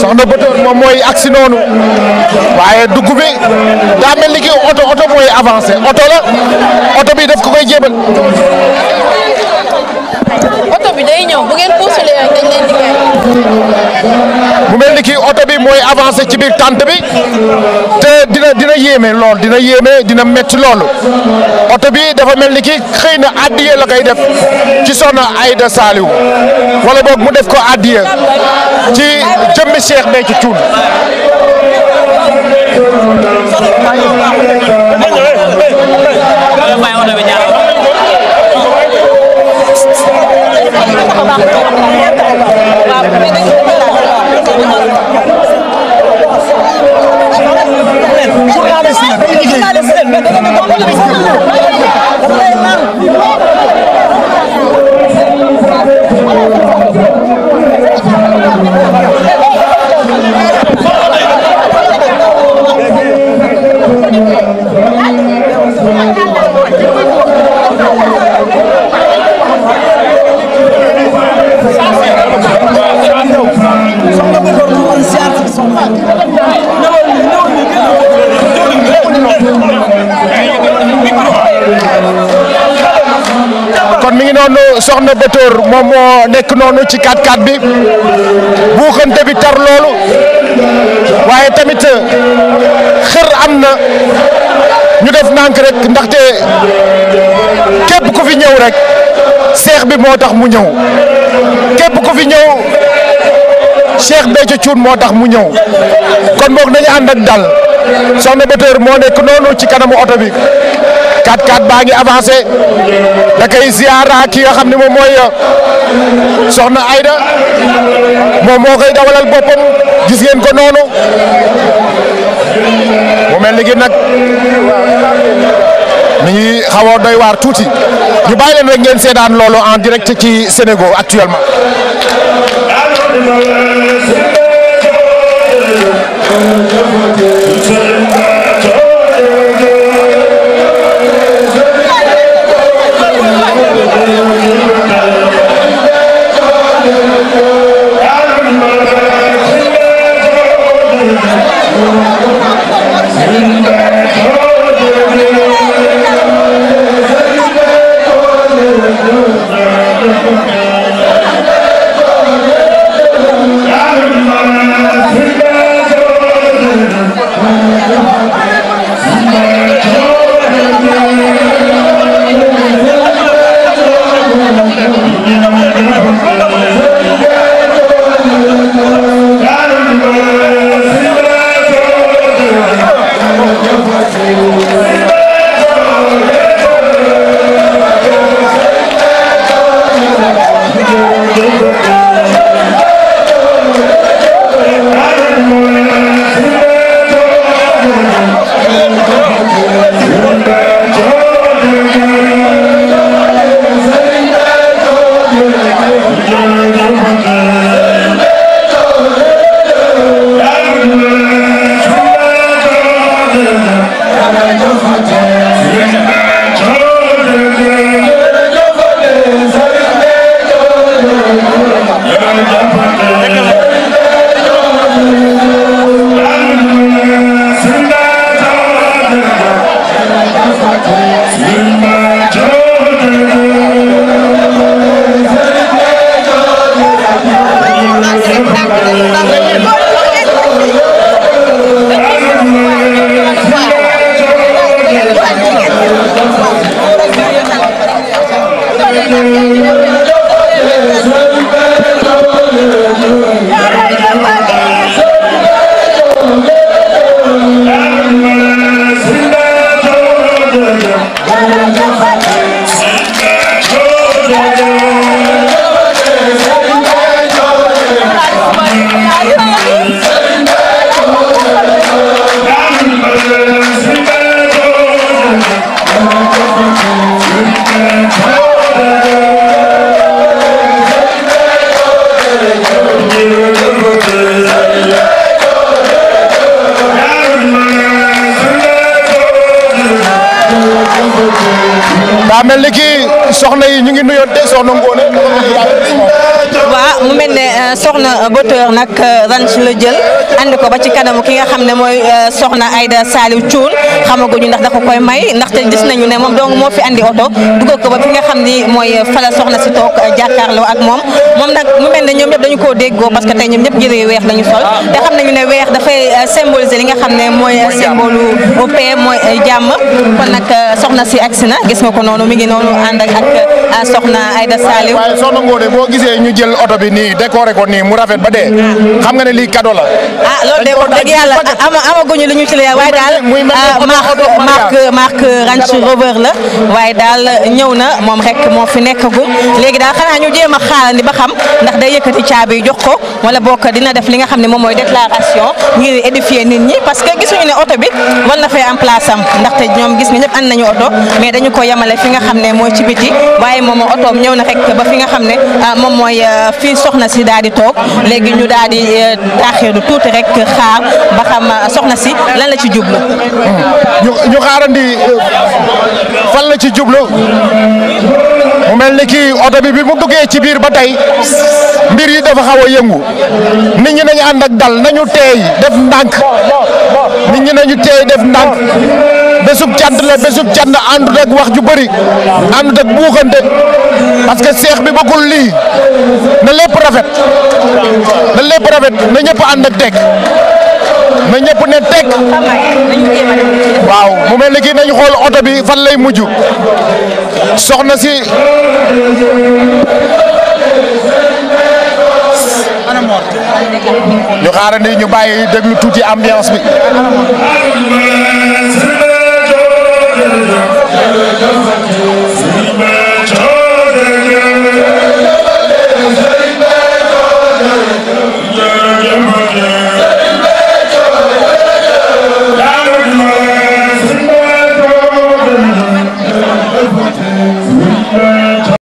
soxna Bator moom mooy agsi noonu waaye dugg bi daa mel ni ki oto mooy avancé oto la oto bi daf ko koy jébal. oto bi day ñëw bu mel ni kii oto bi mooy avancé ci biir tànt bi te dina dina yéeme lool dina yéeme dina metti loolu oto bi dafa mel ni kii xëy na addiye la koy def ci soxna Aida Saliou wala boog mu def ko addiye ci jëmmi Cheikh Béthio Thioune soxna Bator moom moo nekk noonu ci 4-4 bi buuxante bi tar loolu waaye tamit xër am na ñu def nànk rek ndaxte képp ku fi ñëw rek seex bi moo tax mu ñëw képp ku fi ñëw Cheikh Béthio Thioune moo tax mu ñëw kon boog nañu ànd ak dal soxna Bator moo nekk noonu ci kanamu oto bi. 4-4 baa ngi avancé da koy ziara ki nga xam ne moom mooy euh, soxna Aida moom moo koy dawalal boppam gis ngeen ko noonu mu mel ni gi nag mi ngi xaw doy waar tuuti ñu bàyyi leen rek ngeen seedaan loolu en direct ci Sénégal actuellement. Thank you. Zumba. mel ni kii soxna yi ñu ngi nuyoonte soxna Ngone. waaw mu mel ne euh, soxna euh, Bator nag euh, ranch la jël ànd ko ba ci kanamu ki nga xam ne mooy soxna Aida Saliou Thioune xamaguñu ndax da ko koy may ndaxte gis nañu ne moom dong moo fi andi oto dugal ko ba fi nga xam bi mooy fala soxna si toog euh, jàkkaarloo ak moom moom nag mu mel ne ñoom ñëpp dañu koo déggoo parce que tey ñoom ñëpp yëre weex lañu sol ah. te xam nañu ne weex dafay euh, symboliser li nga xam ne mooy euh, symbole u mooy jàmm kon nag soxna si agsi na gis nga ko noonu mi ngi noonu ànd ak ak soxna Aïda Saliou waaye soxna Ngoné boo gisee ñu jël oto bi nii décoré ko nii mu rafet ba dee ah. xam nga ne lii cadeau la ah loolu de wax dëgg yàlla ama amaguñu lu ñu ah, la waaye daal marque waaye daal ñëw na moom moo fi nekkagul léegi daal xanaa ñu jéem a xaarandi ba xam ndax day yëkkati caabi jox ko wala bokk dina def li nga xam ne moom mooy déclaration ngir édifier nit ñi parce que gisuñu ne oto bi war na fee am place am ndaxte ñoom gis nga ñëpp an nañu oto mais dañu ko yemale fi nga xam ne mooy ci biti waaye moom otoom ñëw na rek ba fi nga xam ne ah, moom mooy ah, fii soxna si daal di toog léegi ñu daal di eh, taaxeelu tuuti rek xaar ba xam ah, soxna si lan la ci jublu. Hmm. ñu xaarandi eh, fan la ci jublu. mu mel ni kii oto bi bi mu duggee ci biir ba tey mbir yi dafa xaw yëngu nit ñi nañu ànd ak dal nañu teey def ndànk nit ñi nañu teey def ndànk bésub cant la bésub cant àndut ak wax ju bari àndut ak buuxante parce que seex bi bëggul lii na lépp rafet na lépp rafet na ñëpp ànd ak teg na ñëpp ne teg waaw mu mel ni kii nañu xool oto bi fan lay mujj soxna si ñu xaarandi ñu bàyyi déglu tuuti ambiance bi